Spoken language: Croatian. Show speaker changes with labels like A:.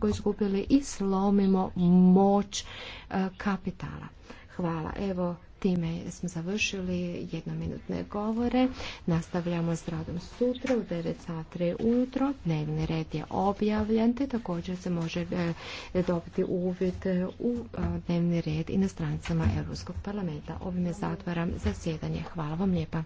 A: smo izgubili i slomimo moć e, kapitala. Hvala. Evo, time smo završili jednominutne govore. Nastavljamo s radom sutra u 9 sati ujutro. Dnevni red je objavljen, te također se može e, dobiti uvid u e, dnevni red i na strancama Europskog parlamenta. Ovime zatvaram zasjedanje. Hvala vam lijepa.